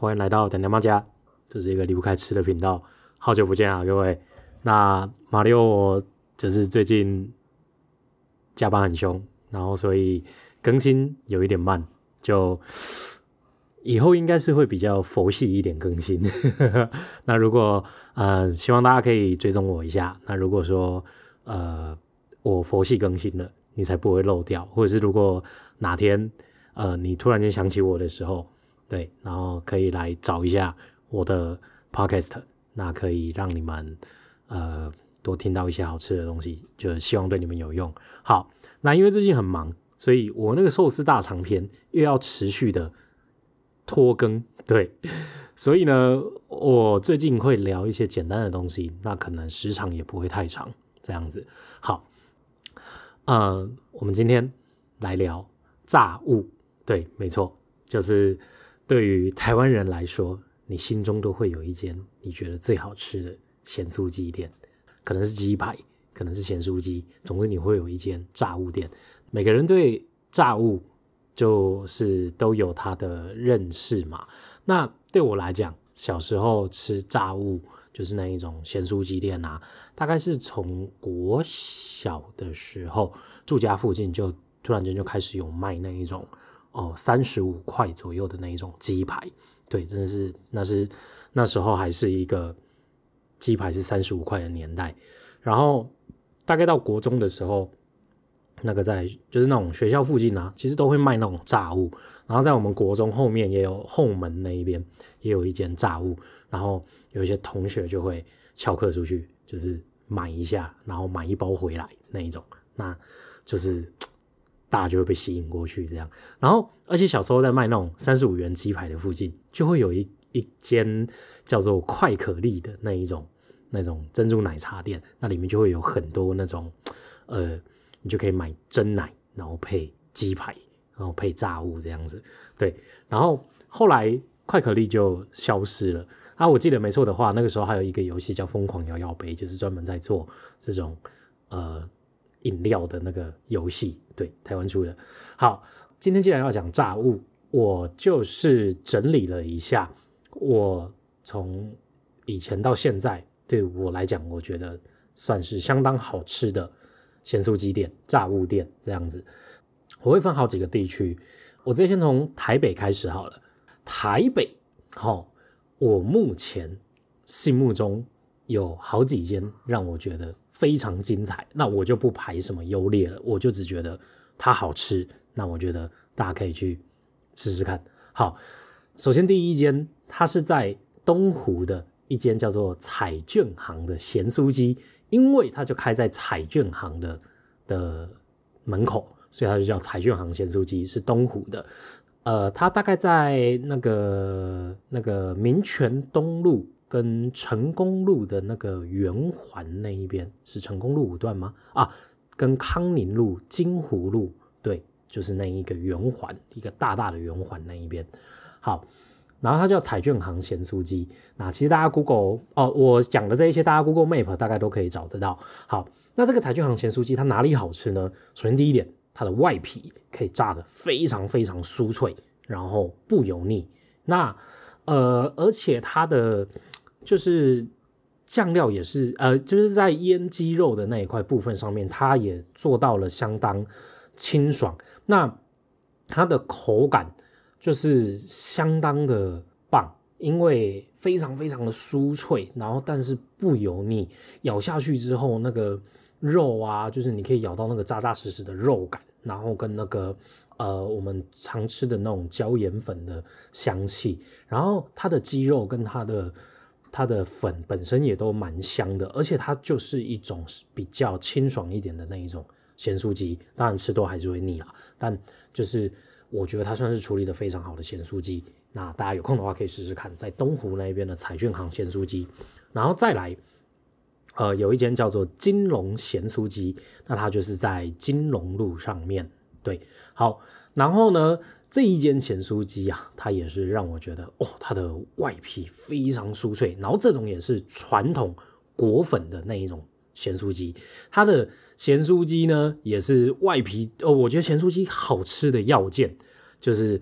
歡迎來到惦惦嘛吃，這是一個離不開吃的頻道。好久不見啊，各位。那馬六，我就是最近加班很兇，然後所以更新有一點慢，就以後應該是會比較佛系一點更新。 那如果呃，希望大家可以追蹤我一下。那如果說呃，我佛系更新了，你才不會漏掉。或者是如果哪天呃，你突然間想起我的時候。對，然後可以來找一下我的 podcast，那可以讓你們呃多聽到一些好吃的東西，就希望對你們有用。好，那因為最近很忙，所以我那個壽司大長篇又要持續的拖更，對，所以呢，我最近會聊一些簡單的東西，那可能時長也不會太長，這樣子。好，嗯、呃，我們今天來聊炸物，對，沒錯，就是。對於台灣人來說，你心中都會有一間你覺得最好吃的鹹酥雞店，可能是雞排，可能是鹹酥雞，總之你會有一間炸物店。每個人對炸物就是都有他的認識嘛。那對我來講，小時候吃炸物就是那一種鹹酥雞店啊，大概是從國小的時候住家附近就突然間就開始有賣那一種。哦，三十五塊左右的那一種雞排，對，真的是那是那時候還是一個雞排是三十五塊的年代。然後大概到國中的時候，那個在就是那種學校附近啊，其實都會賣那種炸物。然後在我們國中後面也有後門那一邊也有一間炸物，然後有一些同學就會翹課出去，就是買一下，然後買一包回來那一種，那就是。大家就會被吸引過去，這樣。然後，而且小時候在賣那種三十五元雞排的附近，就會有一一間叫做“快可立”的那一種那種珍珠奶茶店，那裡面就會有很多那種，呃，你就可以買珍奶，然後配雞排，然後配炸物這樣子。對。然後後來快可立就消失了。啊，我記得沒錯的話，那個時候還有一個遊戲叫《瘋狂搖搖杯》，就是專門在做這種，呃。飲料的那個遊戲，對，台灣出的。好，今天既然要講炸物，我就是整理了一下，我從以前到現在，對我來講，我覺得算是相當好吃的鹹酥雞店、炸物店這樣子。我會分好幾個地區，我直接先從台北開始好了。台北，好，哦，我目前心目中有好幾間讓我覺得。非常精彩，那我就不排什麼優劣了，我就只覺得它好吃。那我覺得大家可以去試試看。好，首先第一間，它是在東湖的一間叫做彩券行的鹹酥雞，因為它就開在彩券行的的門口，所以它就叫彩券行鹹酥雞，是東湖的。呃，它大概在那個那個民權東路。跟成功路的那個圓環那一邊是成功路五段嗎？啊，跟康寧路、金湖路，對，就是那一個圓環，一個大大的圓環那一邊。好，然後它叫彩券行鹹酥雞。那其實大家 Google 哦，我講的這一些，大家 Google Map 大概都可以找得到。好，那這個彩券行鹹酥雞它哪裡好吃呢？首先第一點，它的外皮可以炸得非常非常酥脆，然後不油膩。那呃，而且它的就是醬料也是，呃，就是在醃雞肉的那一塊部分上面，它也做到了相當清爽。那它的口感就是相當的棒，因為非常非常的酥脆，然後但是不油膩，咬下去之後那個肉啊，就是你可以咬到那個扎扎實實的肉感，然後跟那個呃我們常吃的那種椒鹽粉的香氣，然後它的雞肉跟它的。它的粉本身也都蠻香的，而且它就是一種比較清爽一點的那一種鹹酥雞，當然吃多還是會膩啦。但就是我覺得它算是處理得非常好的鹹酥雞，那大家有空的話可以試試看，在東湖那邊的彩券行鹹酥雞，然後再來，呃，有一間叫做金龍鹹酥雞，那它就是在金龍路上面。對。好，然後呢？這一間鹹酥雞啊，它也是讓我覺得哦，它的外皮非常酥脆。然後這種也是傳統裹粉的那一種鹹酥雞，它的鹹酥雞呢，也是外皮哦，我覺得鹹酥雞好吃的要件，就是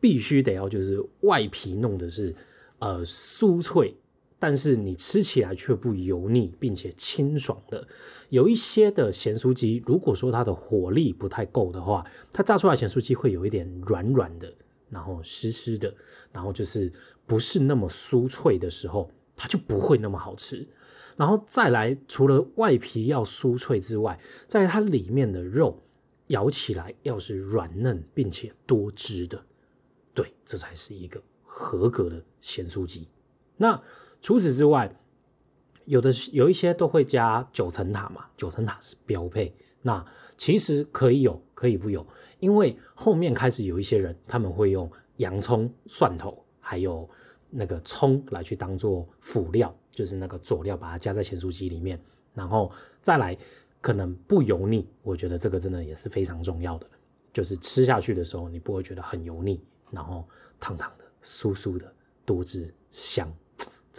必須得要就是外皮弄的是呃酥脆，但是你吃起來卻不油膩，並且清爽的。有一些的鹹酥雞，如果說它的火力不太夠的話，它炸出來的鹹酥雞會有一點軟軟的，然後濕濕的，然後就是不是那麼酥脆的時候，它就不會那麼好吃。然後再來，除了外皮要酥脆之外，在它裡面的肉咬起來要是軟嫩並且多汁的，對，這才是一個合格的鹹酥雞。那。除此之外，有的有一些都會加九層塔嘛，九層塔是標配。那其實可以有，可以不有，因為後面開始有一些人他們會用洋蔥、蒜頭還有那個蔥來去當做輔料，就是那個佐料，把它加在鹹酥雞裡面，然後再來可能不油膩。我覺得這個真的也是非常重要的，就是吃下去的時候你不會覺得很油膩，然後燙燙的、酥酥的、多汁香。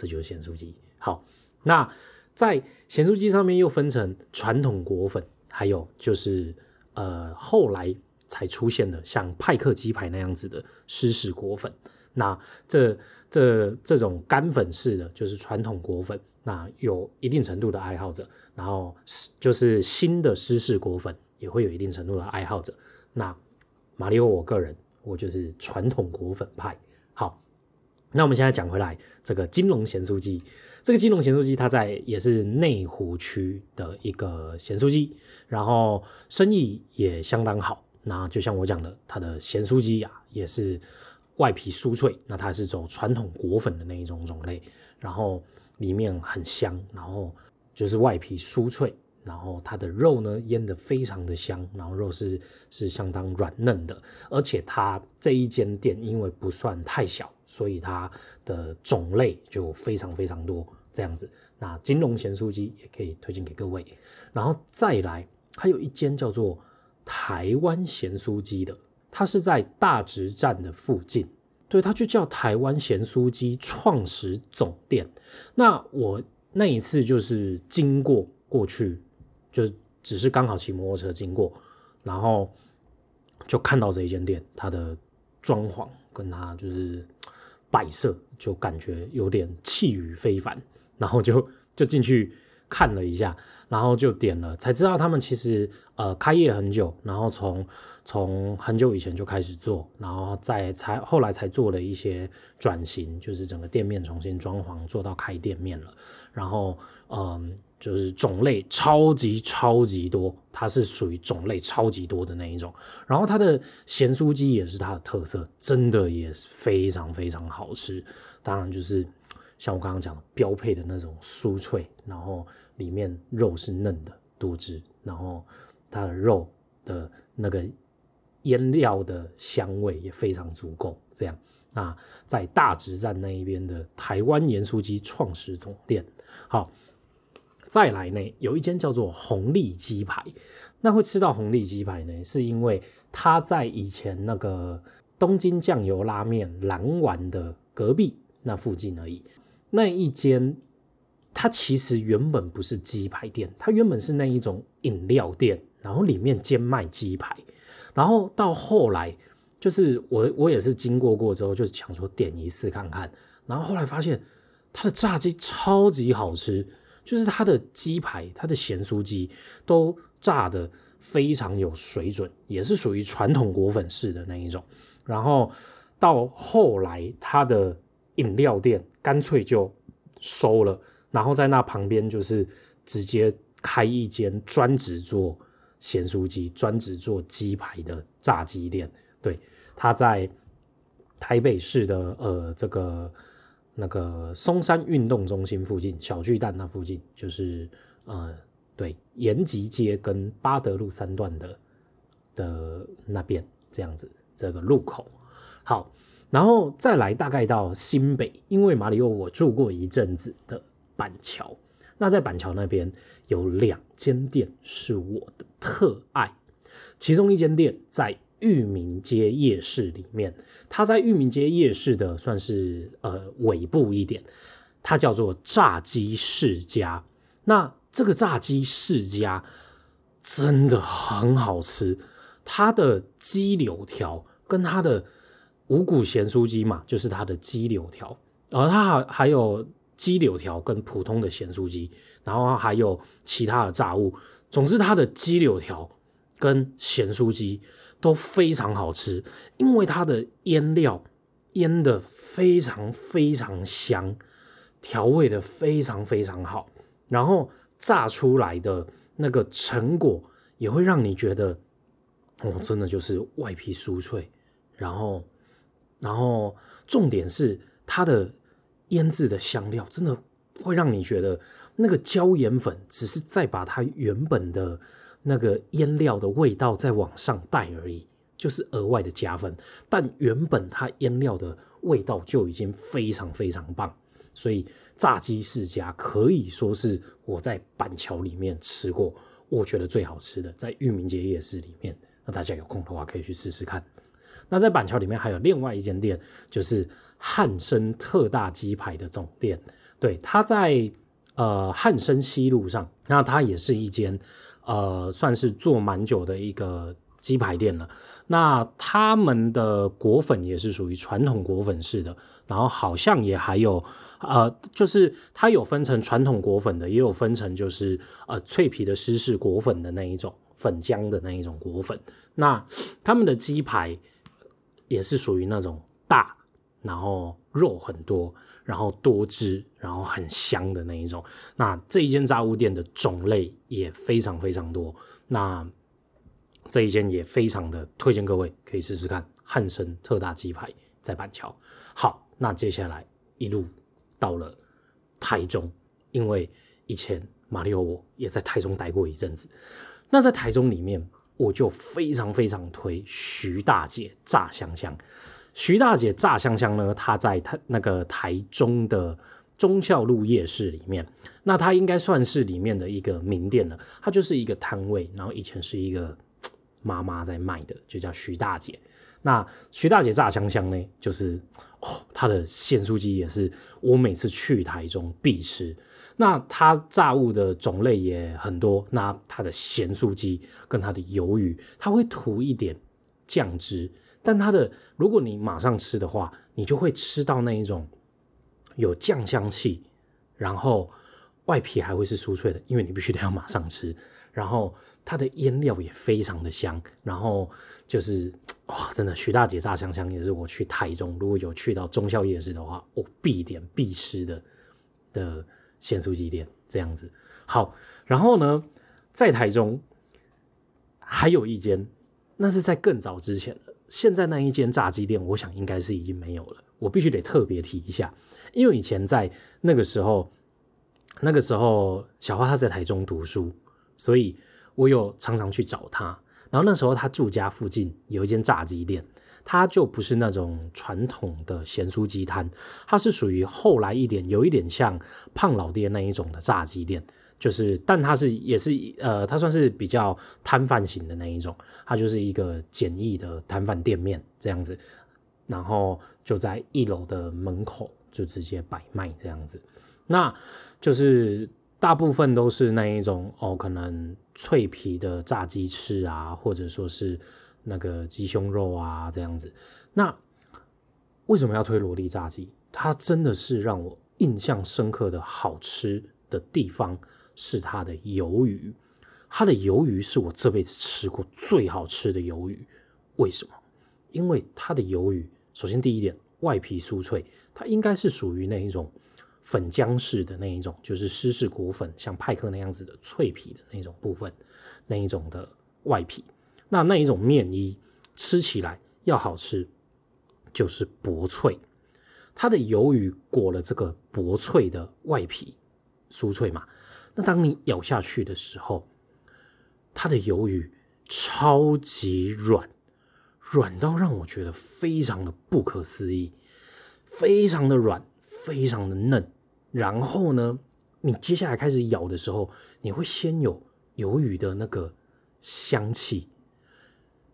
這就是鹹酥雞。好，那在鹹酥雞上面又分成傳統裹粉，還有就是呃後來才出現的像派克雞排那樣子的濕式裹粉。那這這這種乾粉式的，就是傳統裹粉，那有一定程度的愛好者。然後是就是新的濕式裹粉也會有一定程度的愛好者。那馬里歐，我個人我就是傳統裹粉派。那我們現在講回來這個金龍酥，這個金龍鹹酥雞，這個金龍鹹酥雞，它在也是內湖區的一個鹹酥雞，然後生意也相當好。那就像我講的，它的鹹酥雞呀、啊，也是外皮酥脆，那它是走傳統裹粉的那一種種類，然後裡面很香，然後就是外皮酥脆。然後它的肉呢，醃得非常的香，然後肉是是相當軟嫩的，而且它這一間店因為不算太小，所以它的種類就非常非常多，這樣子。那金龍鹹酥雞也可以推薦給各位，然後再來，還有一間叫做台灣鹹酥雞的，它是在大直站的附近，對，它就叫台灣鹹酥雞創始總店。那我那一次就是經過過去。就只是剛好騎摩托車經過，然後就看到這一間店，它的裝潢跟它就是擺設，就感覺有點氣宇非凡，然後就就進去看了一下，然後就點了，才知道他們其實呃開業很久，然後從從很久以前就開始做，然後再才後來才做了一些轉型，就是整個店面重新裝潢做到開店面了，然後嗯。呃就是種類超級超級多，它是屬於種類超級多的那一種。然後它的鹹酥雞也是它的特色，真的也是非常非常好吃。當然就是像我剛剛講的標配的那種酥脆，然後裡面肉是嫩的多汁，然後它的肉的那個醃料的香味也非常足夠。這樣，那在大直站那一邊的台灣鹽酥雞創始總店，好。再來呢，有一間叫做紅利雞排，那會吃到紅利雞排呢，是因為它在以前那個東京醬油拉麵蘭丸的隔壁那附近而已。那一間它其實原本不是雞排店，它原本是那一種飲料店，然後裡面兼賣雞排。然後到後來，就是我我也是經過過之後，就想說點一次看看，然後後來發現它的炸雞超級好吃。就是他的雞排，他的鹹酥雞都炸得非常有水準，也是屬於傳統果粉式的那一種。然後到後來，他的飲料店乾脆就收了，然後在那旁邊就是直接開一間專職做鹹酥雞、專職做雞排的炸雞店。對，他在台北市的呃這個。那個松山運動中心附近，小巨蛋那附近，就是呃，對，延吉街跟八德路三段的的那邊，這樣子這個路口。好，然後再來大概到新北，因為馬里奧我住過一陣子的板橋，那在板橋那邊有兩間店是我的特愛，其中一間店在。裕民街夜市裡面，它在裕民街夜市的算是呃尾部一點，它叫做炸雞世家。那這個炸雞世家真的很好吃，它的雞柳條跟它的五谷鹹酥雞嘛，就是它的雞柳條，而它還還有雞柳條跟普通的鹹酥雞，然後還有其他的炸物，總之它的雞柳條。跟鹹酥雞都非常好吃，因為它的醃料醃得非常非常香，調味得非常非常好，然後炸出來的那個成果也會讓你覺得，哦，真的就是外皮酥脆，然後，然後重點是它的醃制的香料真的會讓你覺得那個椒鹽粉只是在把它原本的。那個醃料的味道再往上帶而已，就是額外的加分。但原本它醃料的味道就已經非常非常棒，所以炸雞世家可以說是我在板橋裡面吃過我覺得最好吃的，在裕民街夜市裡面。那大家有空的話可以去試試看。那在板橋裡面還有另外一間店，就是漢生特大雞排的總店，對，它在。呃，漢生西路上，那它也是一間，呃，算是做蠻久的一個雞排店了。那他們的裹粉也是屬於傳統裹粉式的，然後好像也還有，呃，就是它有分成傳統裹粉的，也有分成就是呃脆皮的濕式裹粉的那一種粉漿的那一種裹粉。那他們的雞排也是屬於那種大。然後肉很多，然後多汁，然後很香的那一種。那這一間炸物店的種類也非常非常多。那這一間也非常的推薦各位可以試試看漢森特大雞排，在板橋。好，那接下來一路到了台中，因為以前馬里奧我也在台中待過一陣子。那在台中裡面，我就非常非常推徐大姐炸香香。徐大姐炸香香呢，她在那個台中的忠孝路夜市裡面，那她應該算是裡面的一個名店了。她就是一個攤位，然後以前是一個媽媽在賣的，就叫徐大姐。那徐大姐炸香香呢，就是哦，她的鹹酥雞也是我每次去台中必吃。那她炸物的種類也很多，那她的鹹酥雞跟她的魷魚，她會塗一點醬汁。但它的，如果你馬上吃的話，你就會吃到那一種有醬香氣，然後外皮還會是酥脆的，因為你必須得要馬上吃。然後它的醃料也非常的香，然後就是哇，真的徐大姐炸香香也是我去台中如果有去到忠孝夜市的話，我、哦、必點必吃的的鹹酥雞店這樣子。好，然後呢，在台中還有一間，那是在更早之前的。現在那一間炸雞店，我想應該是已經沒有了。我必須得特別提一下，因為以前在那個時候，那個時候小花她在台中讀書，所以我有常常去找她。然後那時候她住家附近有一間炸雞店，它就不是那種傳統的鹹酥雞攤，它是屬於後來一點，有一點像胖老爹那一種的炸雞店。就是，但它是也是呃，它算是比較攤販型的那一種，它就是一個簡易的攤販店面這樣子，然後就在一樓的門口就直接擺賣這樣子，那就是大部分都是那一種哦，可能脆皮的炸雞翅啊，或者說是那個雞胸肉啊這樣子。那為什麼要推蘿莉炸雞？它真的是讓我印象深刻的好吃的地方。是它的魷魚，它的魷魚是我這輩子吃過最好吃的魷魚。為什麼？因為它的魷魚，首先第一點，外皮酥脆，它應該是屬於那一種粉漿式的那一種，就是濕式裹粉，像派克那樣子的脆皮的那一種部分，那一種的外皮。那那一種麵衣吃起來要好吃，就是薄脆。它的魷魚裹了這個薄脆的外皮，酥脆嘛。那當你咬下去的時候，它的魷魚超級軟，軟到讓我覺得非常的不可思議，非常的軟，非常的嫩。然後呢，你接下來開始咬的時候，你會先有魷魚的那個香氣，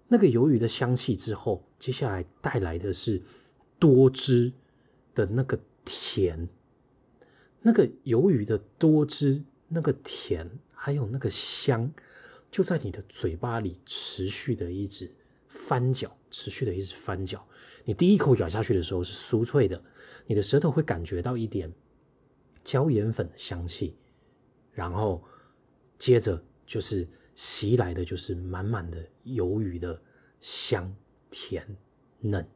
那個魷魚的香氣之後，接下來帶來的是多汁的那個甜，那個魷魚的多汁。那個甜還有那個香，就在你的嘴巴裡持續的一直翻攪，持續的一直翻攪。你第一口咬下去的時候是酥脆的，你的舌頭會感覺到一點椒鹽粉的香氣，然後接着就是襲來的，就是滿滿的魷魚的香甜嫩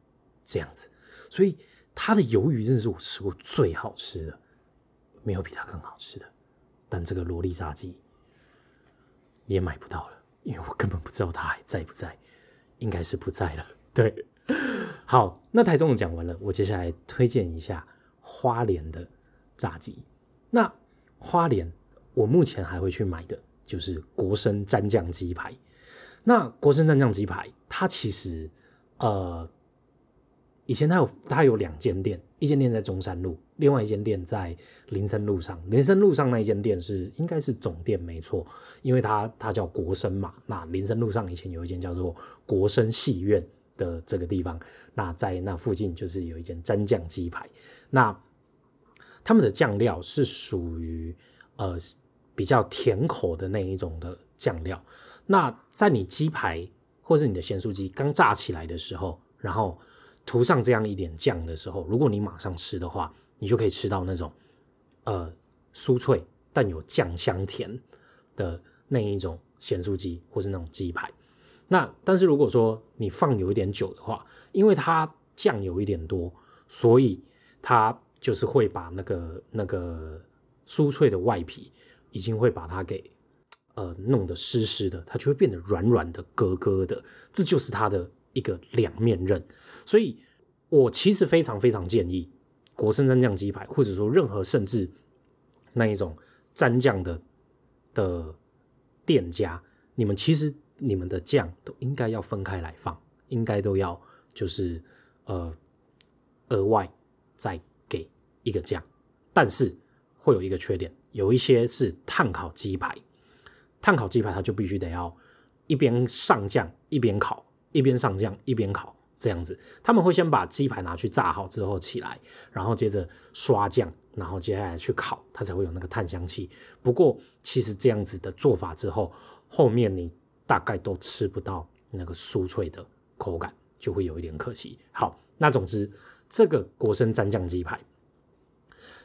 這樣子。所以它的魷魚真的是我吃過最好吃的，沒有比它更好吃的。但這個蘿莉炸雞也買不到了，因為我根本不知道它還在不在，應該是不在了。對，好，那台中的講完了，我接下來推薦一下花蓮的炸雞。那花蓮我目前還會去買的就是國生蘸醬雞排。那國生蘸醬雞排它其實呃。以前它有它有兩間店，一間店在中山路，另外一間店在林森路上。林森路上那一間店是應該是總店沒錯，因為它它叫國生嘛。那林森路上以前有一間叫做國生戲院的這個地方，那在那附近就是有一間沾醬雞排。那他們的醬料是屬於呃比較甜口的那一種的醬料。那在你雞排或是你的鹹酥雞剛炸起來的時候，然後。塗上這樣一點醬的時候，如果你馬上吃的話，你就可以吃到那種，呃，酥脆但有醬香甜的那一種鹹酥雞或是那種雞排。那但是如果說你放有一點久的話，因為它醬有一點多，所以它就是會把那個那個酥脆的外皮已經會把它給呃弄得濕濕的，它就會變得軟軟的、咯咯的，這就是它的。一個兩面刃，所以我其實非常非常建議，國聖蘸醬雞排，或者說任何甚至那一種蘸醬的的店家，你們其實你們的醬都應該要分開來放，應該都要就是呃額外再給一個醬，但是會有一個缺點，有一些是碳烤雞排，碳烤雞排它就必須得要一邊上醬一邊烤。一邊上醬一邊烤，這樣子他們會先把雞排拿去炸好之後起來，然後接着刷醬，然後接下來去烤，它才會有那個炭香氣。不過其實這樣子的做法之後，後面你大概都吃不到那個酥脆的口感，就會有一點可惜。好，那總之這個國生蘸醬雞排，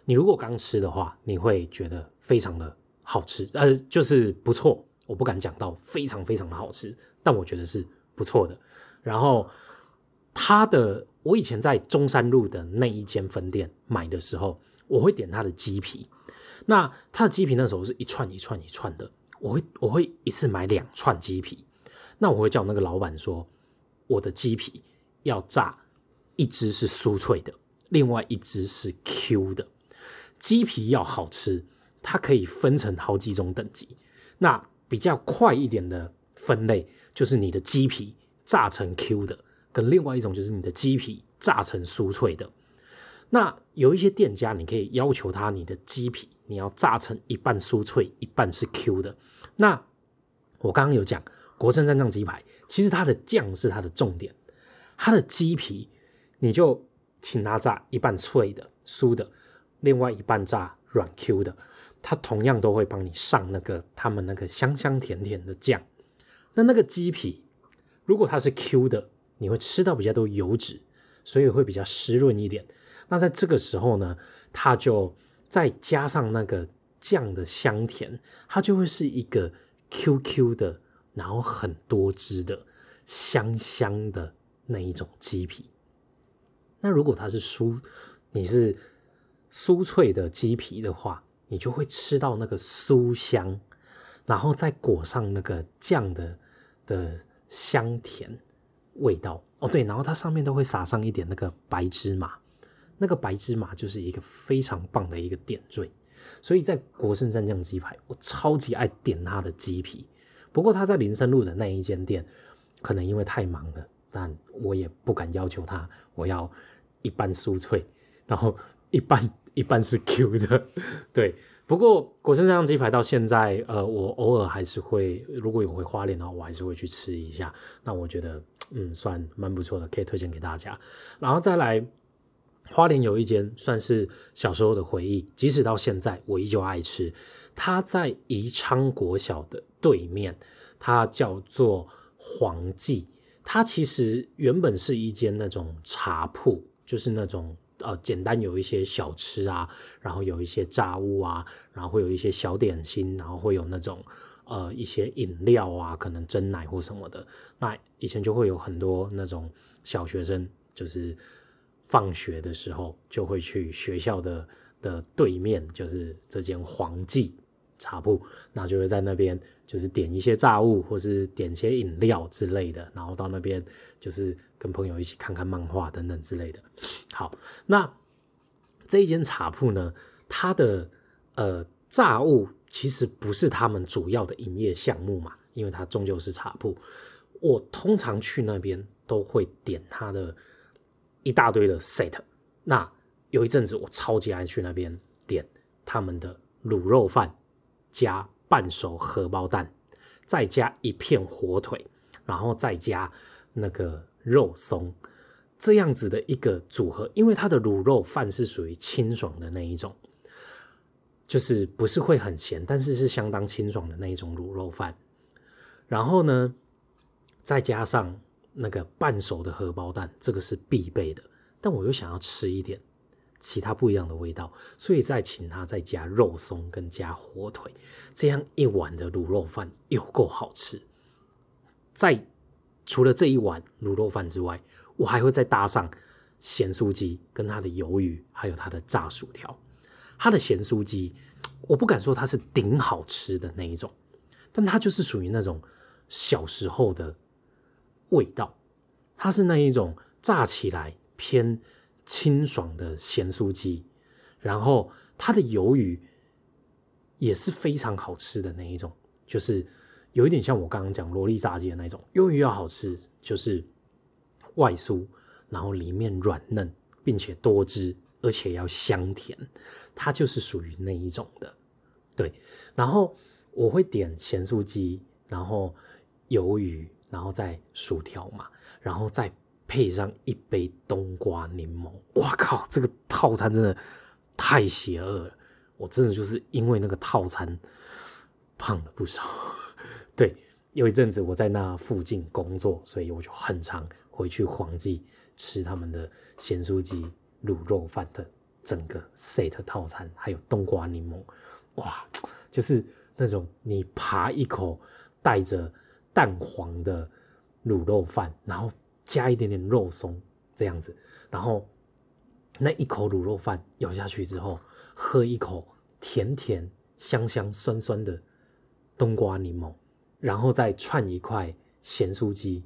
你如果剛吃的話，你會覺得非常的好吃，呃，就是不錯，我不敢講到非常非常的好吃，但我覺得是。不錯的，然後他的，我以前在中山路的那一間分店買的時候，我會點他的雞皮。那他的雞皮那時候是一串一串一串的，我會我會一次買兩串雞皮。那我會叫那個老闆說，我的雞皮要炸一支是酥脆的，另外一支是 Q 的。雞皮要好吃，它可以分成好幾種等級。那比較快一點的。分類就是你的雞皮炸成 Q 的，跟另外一種就是你的雞皮炸成酥脆的。那有一些店家，你可以要求他，你的雞皮你要炸成一半酥脆，一半是 Q 的。那我剛剛有講，國珍蘸醬雞排，其實它的醬是它的重點，它的雞皮你就請他炸一半脆的酥的，另外一半炸軟 Q 的，它同樣都會幫你上那個他們那個香香甜甜的醬。那那個雞皮，如果它是 Q 的，你會吃到比較多油脂，所以會比較濕潤一點。那在這個時候呢，它就再加上那個醬的香甜，它就會是一個 QQ 的，然後很多汁的，香香的那一種雞皮。那如果它是酥，你是酥脆的雞皮的話，你就會吃到那個酥香，然後再裹上那個醬的。的香甜味道哦，oh, 對，然後它上面都會撒上一點那個白芝麻，那個白芝麻就是一個非常棒的一個點綴。所以在國盛三醬雞排，我超級愛點它的雞皮。不過他在林森路的那一間店，可能因為太忙了，但我也不敢要求他，我要一半酥脆，然後一半一半是 Q 的，對。不過，國珍這樣雞排到現在，呃，我偶爾還是會，如果有回花蓮的話，我還是會去吃一下。那我覺得，嗯，算蠻不錯的，可以推薦給大家。然後再來，花蓮有一間算是小時候的回憶，即使到現在，我依舊愛吃。它在宜昌國小的對面，它叫做黃記。它其實原本是一間那種茶鋪，就是那種。呃，簡單有一些小吃啊，然後有一些炸物啊，然後會有一些小點心，然後會有那種呃一些飲料啊，可能珍奶或什麼的。那以前就會有很多那種小學生，就是放學的時候就會去學校的的對面，就是這間黃記茶鋪，那就會在那邊。就是點一些炸物，或是點一些飲料之類的，然後到那邊就是跟朋友一起看看漫畫等等之類的。好，那這一間茶鋪呢，它的呃炸物，其實不是他們主要的營業項目嘛，因為它終究是茶鋪我通常去那邊都會點它的一大堆的 set。那有一陣子我超級愛去那邊點他們的滷肉飯加。半熟荷包蛋，再加一片火腿，然後再加那個肉鬆，這樣子的一個組合，因為它的滷肉飯是屬於清爽的那一種，就是不是會很鹹，但是是相當清爽的那一種滷肉飯。然後呢，再加上那個半熟的荷包蛋，這個是必備的，但我又想要吃一點。其他不一樣的味道，所以再請他再加肉鬆跟加火腿，這樣一碗的滷肉飯有夠好吃。在除了這一碗滷肉飯之外，我還會再搭上鹹酥雞跟他的魷魚，還有他的炸薯條。他的鹹酥雞，我不敢說它是頂好吃的那一種，但它就是屬於那種小時候的味道，它是那一種炸起來偏。清爽的鹹酥雞，然後它的魷魚也是非常好吃的那一種，就是有一點像我剛剛講蘿莉炸雞的那種，魷魚要好吃，就是外酥，然後裡面軟嫩，並且多汁，而且要香甜，它就是屬於那一種的。對，然後我會點鹹酥雞，然後魷魚，然後再薯條嘛，然後再。配上一杯冬瓜檸檬，哇靠！這個套餐真的太邪惡了。我真的就是因為那個套餐胖了不少。對，有一陣子我在那附近工作，所以我就很常回去黃記吃他們的鹹酥雞、滷肉飯的整個 set 套餐，還有冬瓜檸檬。哇，就是那種你扒一口帶着蛋黃的滷肉飯，然後。加一點點肉鬆這樣子，然後那一口滷肉飯咬下去之後，喝一口甜甜香香酸酸的冬瓜檸檬，然後再串一塊鹹酥雞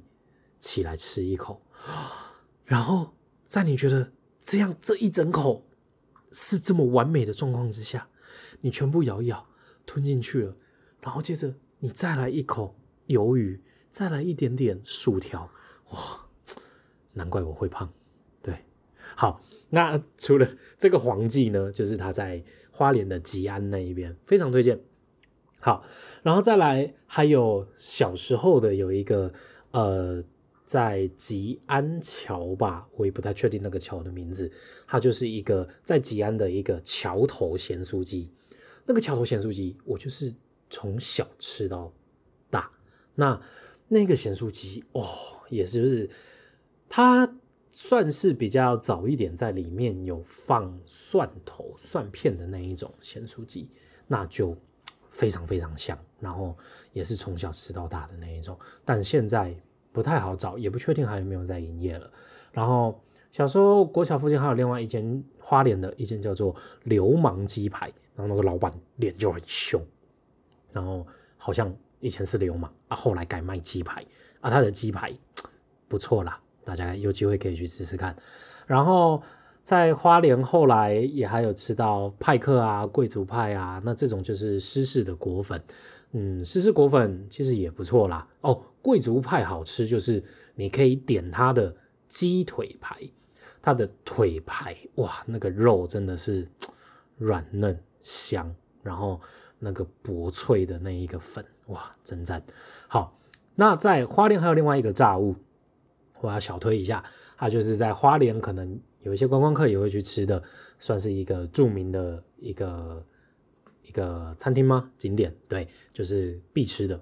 起來吃一口，然後在你覺得這樣這一整口是這麼完美的狀況之下，你全部咬一咬吞進去了，然後接着你再來一口魷魚，再來一點點薯條，哇！難怪我會胖，對，好，那除了這個黃記呢，就是他在花蓮的吉安那一邊，非常推薦。好，然後再來，還有小時候的有一個，呃，在吉安橋吧，我也不太確定那個橋的名字，它就是一個在吉安的一個橋頭鹹酥雞，那個橋頭鹹酥雞，我就是從小吃到大，那那個鹹酥雞哦，也是就是。它算是比較早一點，在裡面有放蒜頭蒜片的那一種鹹酥雞，那就非常非常香，然後也是從小吃到大的那一種，但現在不太好找，也不確定還有沒有在營業了。然後小時候國小附近還有另外一間花蓮的一間叫做流氓雞排，然後那個老闆臉就很兇，然後好像以前是流氓啊，後來改賣雞排啊，他的雞排不錯啦。大家有機會可以去試試看，然後在花蓮後來也還有吃到派克啊、貴族派啊，那這種就是濕式的裹粉，嗯，濕式裹粉其實也不錯啦。哦，貴族派好吃，就是你可以點它的雞腿排，它的腿排，哇，那個肉真的是軟嫩香，然後那個薄脆的那一個粉，哇，真讚。好，那在花蓮還有另外一個炸物。我要小推一下，它就是在花蓮，可能有一些觀光客也會去吃的，算是一個著名的一個一個餐廳嗎？景點對，就是必吃的，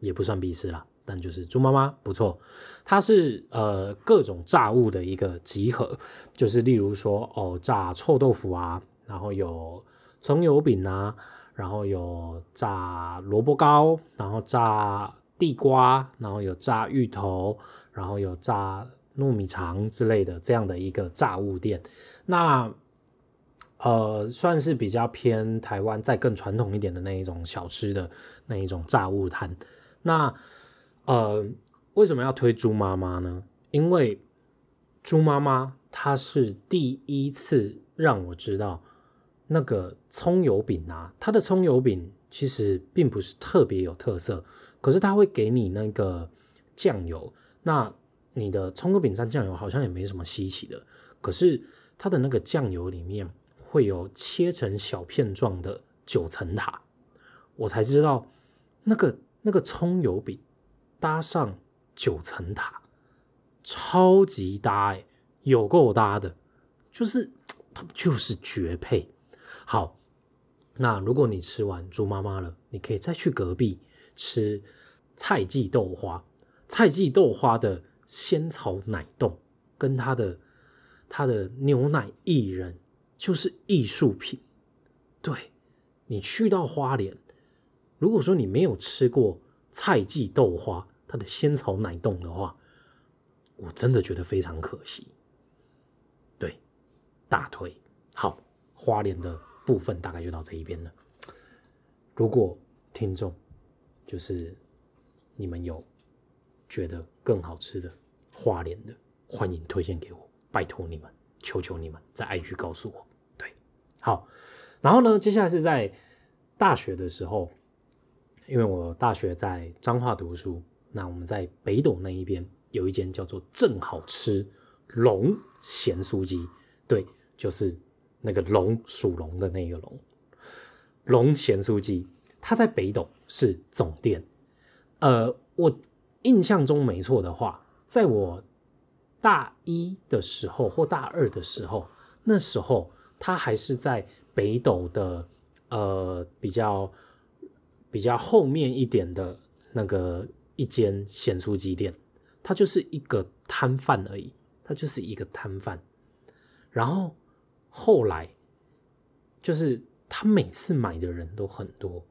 也不算必吃啦，但就是豬媽媽不錯，它是呃各種炸物的一個集合，就是例如說哦炸臭豆腐啊，然後有蔥油餅啊，然後有炸蘿蔔糕，然後炸。地瓜，然後有炸芋頭，然後有炸糯米腸之類的這樣的一個炸物店，那呃算是比較偏台灣再更傳統一點的那一種小吃的那一種炸物攤。那呃為什麼要推豬媽媽呢？因為豬媽媽她是第一次讓我知道那個蔥油餅啊，她的蔥油餅其實並不是特別有特色。可是他會給你那個醬油，那你的蔥油餅蘸醬油好像也沒什麼稀奇的。可是他的那個醬油裡面會有切成小片狀的九層塔，我才知道那個那個蔥油餅搭上九層塔超級搭哎，有夠搭的，就是它就是絕配。好，那如果你吃完豬媽媽了，你可以再去隔壁。吃蔡記豆花，蔡記豆花的仙草奶凍跟它的它的牛奶薏仁就是藝術品。對，你去到花蓮，如果說你沒有吃過蔡記豆花它的仙草奶凍的話，我真的覺得非常可惜。對，大推。好，花蓮的部分大概就到這一邊了。如果聽眾，就是你們有覺得更好吃的、花蓮的，歡迎推薦給我，拜托你們，求求你們在愛 g 告訴我。對，好，然後呢，接下來是在大學的時候，因為我大學在彰化讀書，那我們在北斗那一邊有一間叫做“正好吃龍鹹酥雞”，對，就是那個龍屬龍的那個龍龍鹹酥雞。他在北斗是總店，呃，我印象中沒錯的話，在我大一的時候或大二的時候，那時候他還是在北斗的呃比較比較後面一點的那個一間鹹酥雞店，他就是一個攤販而已，他就是一個攤販，然後後來就是他每次買的人都很多。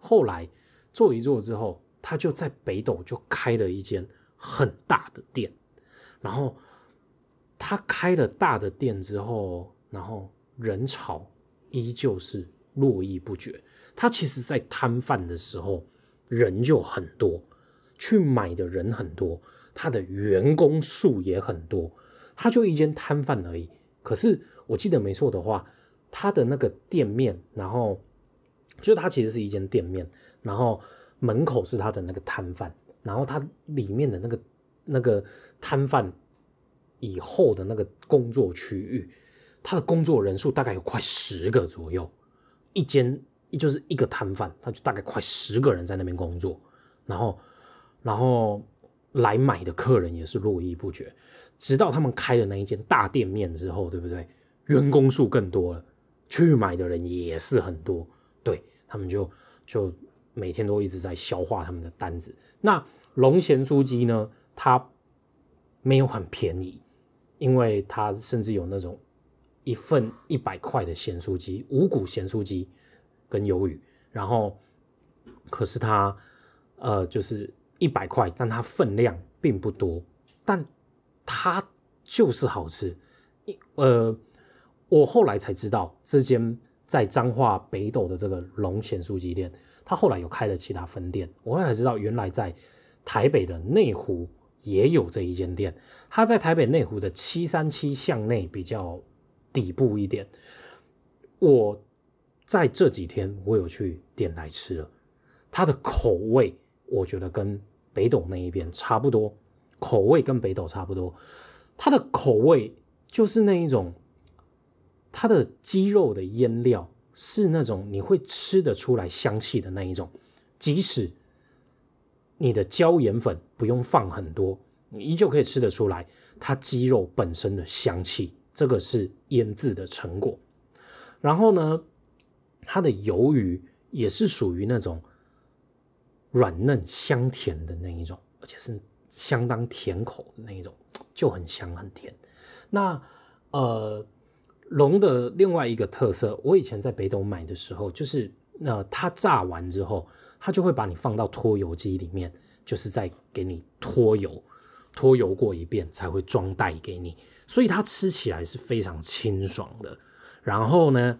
後來做一做之後，他就在北斗就開了一間很大的店，然後他開了大的店之後，然後人潮依舊是絡繹不絕。他其實，在攤販的時候，人就很多，去買的人很多，他的員工數也很多，他就一間攤販而已。可是我記得沒錯的話，他的那個店面，然後。就是它其實是一間店面，然後門口是他的那個攤販，然後它裡面的那個那個攤販以後的那個工作區域，他的工作人數大概有快十個左右，一間就是一個攤販，他就大概快十個人在那邊工作，然後然後來買的客人也是絡繹不絕，直到他們開的那一間大店面之後，對不對？員工數更多了，去買的人也是很多。對他們就就每天都一直在消化他們的單子。那龍鹹酥雞呢？它沒有很便宜，因為它甚至有那種一份一百塊的鹹酥雞，五股鹹酥雞跟魷魚。然後，可是它呃就是一百塊，但它分量並不多，但它就是好吃。呃，我後來才知道這間。在彰化北斗的這個龍賢酥雞店，他後來有開了其他分店。我後來才知道，原來在台北的內湖也有這一間店。他在台北內湖的七三七巷內比較底部一點。我在這幾天我有去點來吃了，它的口味我覺得跟北斗那一邊差不多，口味跟北斗差不多。它的口味就是那一種。它的雞肉的醃料是那種你會吃得出來香氣的那一種，即使你的椒鹽粉不用放很多，你依舊可以吃得出來它雞肉本身的香氣，這個是醃製的成果。然後呢，它的魷魚也是屬於那種軟嫩香甜的那一種，而且是相當甜口的那一種，就很香很甜。那呃。龍的另外一個特色，我以前在北斗買的時候，就是、呃、它炸完之後，它就會把你放到脫油機裡面，就是再給你脫油，脫油過一遍才會裝袋給你，所以它吃起來是非常清爽的。然後呢，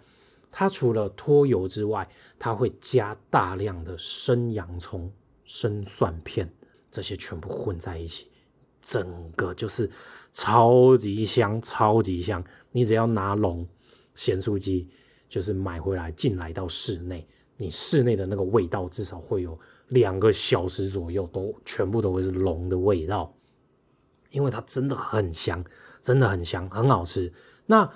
它除了脫油之外，它會加大量的生洋蔥、生蒜片，這些全部混在一起。整個就是超級香，超級香。你只要拿龍鹹酥雞，就是買回來進來到室內，你室內的那個味道至少會有兩個小時左右，都全部都會是龍的味道，因為它真的很香，真的很香，很好吃。那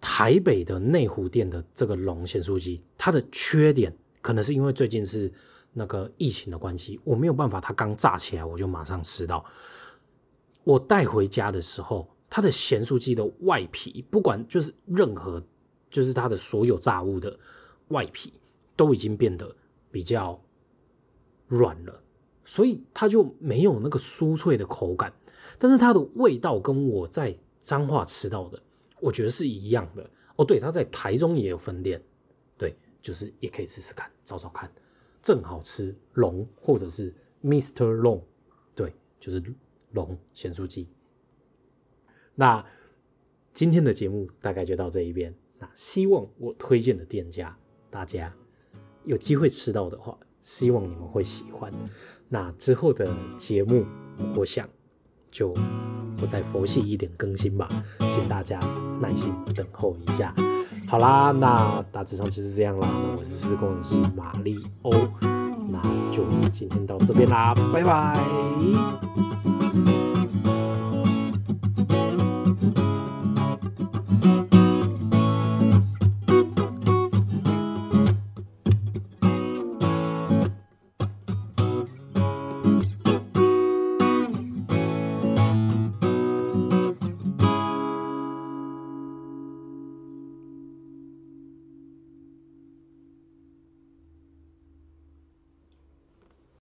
台北的內湖店的這個龍鹹酥雞，它的缺點可能是因為最近是那個疫情的關係，我沒有辦法，它剛炸起來我就馬上吃到。我帶回家的時候，它的鹹酥雞的外皮，不管就是任何，就是它的所有炸物的外皮，都已經變得比較軟了，所以它就沒有那個酥脆的口感。但是它的味道跟我在彰化吃到的，我覺得是一樣的哦。對，他在台中也有分店，對，就是也可以試試看，找找看，正好吃龍或者是 Mr. Long，對，就是。龍鹹酥雞。那今天的節目大概就到這一邊。那希望我推薦的店家，大家有機會吃到的話，希望你們會喜歡。那之後的節目，我想就我再佛系一點更新吧，請大家耐心等候一下。好啦，那大致上就是這樣啦。我是施工人師馬利歐，那就今天到這邊啦，拜拜。